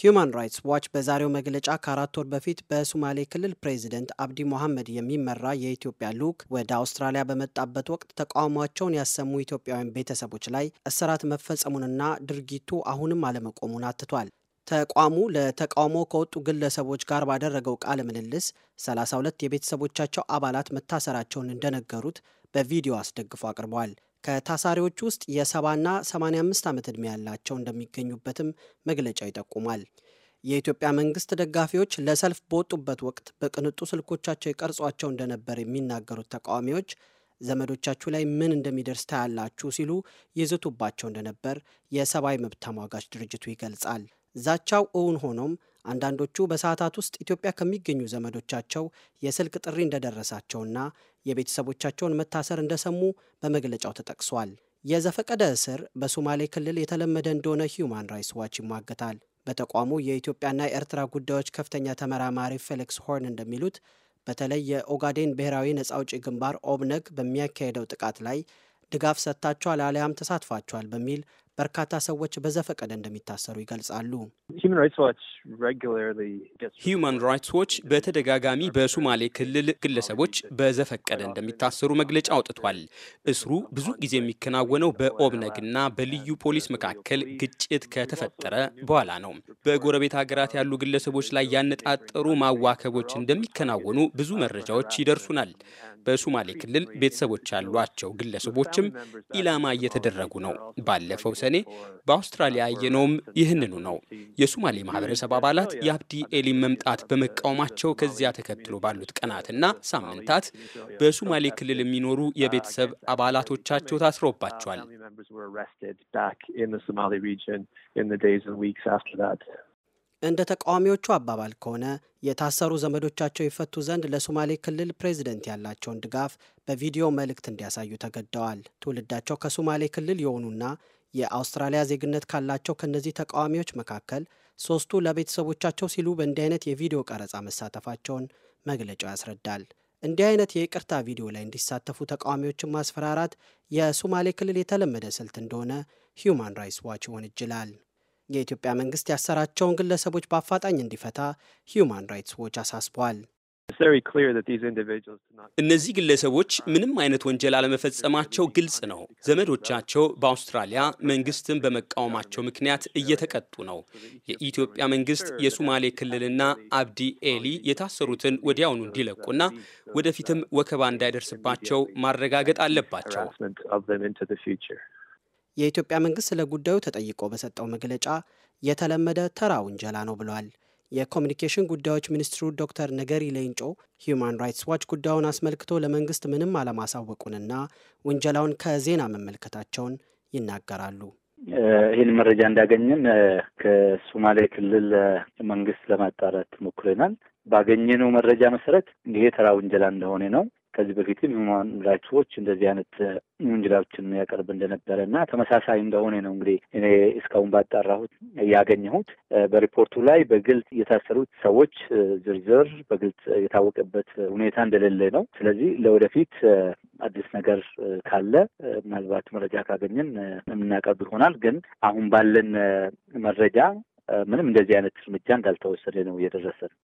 ሂዩማን ራይትስ ዋች በዛሬው መግለጫ ከአራት ወር በፊት በሱማሌ ክልል ፕሬዚደንት አብዲ ሞሐመድ የሚመራ የኢትዮጵያ ልዑክ ወደ አውስትራሊያ በመጣበት ወቅት ተቃውሟቸውን ያሰሙ ኢትዮጵያውያን ቤተሰቦች ላይ እስራት መፈጸሙንና ድርጊቱ አሁንም አለመቆሙን አትቷል። ተቋሙ ለተቃውሞ ከወጡ ግለሰቦች ጋር ባደረገው ቃለ ምልልስ 32 የቤተሰቦቻቸው አባላት መታሰራቸውን እንደነገሩት በቪዲዮ አስደግፎ አቅርበዋል። ከታሳሪዎች ውስጥ የሰባና 85 ዓመት ዕድሜ ያላቸው እንደሚገኙበትም መግለጫው ይጠቁማል። የኢትዮጵያ መንግስት ደጋፊዎች ለሰልፍ በወጡበት ወቅት በቅንጡ ስልኮቻቸው ይቀርጿቸው እንደነበር የሚናገሩት ተቃዋሚዎች ዘመዶቻችሁ ላይ ምን እንደሚደርስ ታያላችሁ ሲሉ ይዝቱባቸው እንደነበር የሰብአዊ መብት ተሟጋች ድርጅቱ ይገልጻል። ዛቻው እውን ሆኖም አንዳንዶቹ በሰዓታት ውስጥ ኢትዮጵያ ከሚገኙ ዘመዶቻቸው የስልክ ጥሪ እንደደረሳቸውና የቤተሰቦቻቸውን መታሰር እንደሰሙ በመግለጫው ተጠቅሷል። የዘፈቀደ እስር በሶማሌ ክልል የተለመደ እንደሆነ ሂዩማን ራይትስ ዋች ይሟገታል። በተቋሙ የኢትዮጵያና የኤርትራ ጉዳዮች ከፍተኛ ተመራማሪ ፌሊክስ ሆርን እንደሚሉት በተለይ የኦጋዴን ብሔራዊ ነጻ አውጪ ግንባር ኦብነግ በሚያካሄደው ጥቃት ላይ ድጋፍ ሰጥታችኋል አሊያም ተሳትፋችኋል በሚል በርካታ ሰዎች በዘፈቀደ እንደሚታሰሩ ይገልጻሉ። ሂውማን ራይትስ ዎች በተደጋጋሚ በሶማሌ ክልል ግለሰቦች በዘፈቀደ እንደሚታሰሩ መግለጫ አውጥቷል። እስሩ ብዙ ጊዜ የሚከናወነው በኦብነግና በልዩ ፖሊስ መካከል ግጭት ከተፈጠረ በኋላ ነው። በጎረቤት ሀገራት ያሉ ግለሰቦች ላይ ያነጣጠሩ ማዋከቦች እንደሚከናወኑ ብዙ መረጃዎች ይደርሱናል። በሶማሌ ክልል ቤተሰቦች ያሏቸው ግለሰቦችም ኢላማ እየተደረጉ ነው። ባለፈው ሰኔ በአውስትራሊያ ያየነውም ይህንኑ ነው። የሱማሌ ማህበረሰብ አባላት የአብዲ ኤሊን መምጣት በመቃወማቸው ከዚያ ተከትሎ ባሉት ቀናትና ሳምንታት በሱማሌ ክልል የሚኖሩ የቤተሰብ አባላቶቻቸው ታስሮባቸዋል። እንደ ተቃዋሚዎቹ አባባል ከሆነ የታሰሩ ዘመዶቻቸው ይፈቱ ዘንድ ለሶማሌ ክልል ፕሬዚደንት ያላቸውን ድጋፍ በቪዲዮ መልእክት እንዲያሳዩ ተገደዋል። ትውልዳቸው ከሶማሌ ክልል የሆኑና የአውስትራሊያ ዜግነት ካላቸው ከእነዚህ ተቃዋሚዎች መካከል ሶስቱ ለቤተሰቦቻቸው ሲሉ በእንዲህ አይነት የቪዲዮ ቀረጻ መሳተፋቸውን መግለጫው ያስረዳል። እንዲህ አይነት የይቅርታ ቪዲዮ ላይ እንዲሳተፉ ተቃዋሚዎችን ማስፈራራት የሶማሌ ክልል የተለመደ ስልት እንደሆነ ሂዩማን ራይትስ ዋች ይወነጅላል። የኢትዮጵያ መንግስት ያሰራቸውን ግለሰቦች በአፋጣኝ እንዲፈታ ሂዩማን ራይትስ ዎች አሳስቧል። እነዚህ ግለሰቦች ምንም አይነት ወንጀል አለመፈጸማቸው ግልጽ ነው። ዘመዶቻቸው በአውስትራሊያ መንግስትን በመቃወማቸው ምክንያት እየተቀጡ ነው። የኢትዮጵያ መንግስት የሱማሌ ክልልና አብዲ ኤሊ የታሰሩትን ወዲያውኑ እንዲለቁና ወደፊትም ወከባ እንዳይደርስባቸው ማረጋገጥ አለባቸው። የኢትዮጵያ መንግስት ስለ ጉዳዩ ተጠይቆ በሰጠው መግለጫ የተለመደ ተራ ውንጀላ ነው ብሏል። የኮሚኒኬሽን ጉዳዮች ሚኒስትሩ ዶክተር ነገሪ ሌንጮ ሂዩማን ራይትስ ዋች ጉዳዩን አስመልክቶ ለመንግስት ምንም አለማሳወቁንና ውንጀላውን ከዜና መመልከታቸውን ይናገራሉ። ይህን መረጃ እንዳገኘን ከሶማሌ ክልል መንግስት ለማጣራት ሞክረናል። ባገኘነው መረጃ መሰረት ይሄ ተራ ውንጀላ እንደሆነ ነው። ከዚህ በፊትም ሁማን ራይትስ ዎች እንደዚህ አይነት ውንጀላዎችን ያቀርብ እንደነበረ እና ተመሳሳይ እንደሆነ ነው እንግዲህ እኔ እስካሁን ባጣራሁት ያገኘሁት። በሪፖርቱ ላይ በግልጽ የታሰሩት ሰዎች ዝርዝር በግልጽ የታወቀበት ሁኔታ እንደሌለ ነው። ስለዚህ ለወደፊት አዲስ ነገር ካለ ምናልባት መረጃ ካገኘን የምናቀርብ ይሆናል። ግን አሁን ባለን መረጃ ምንም እንደዚህ አይነት እርምጃ እንዳልተወሰደ ነው እየደረሰ ነው።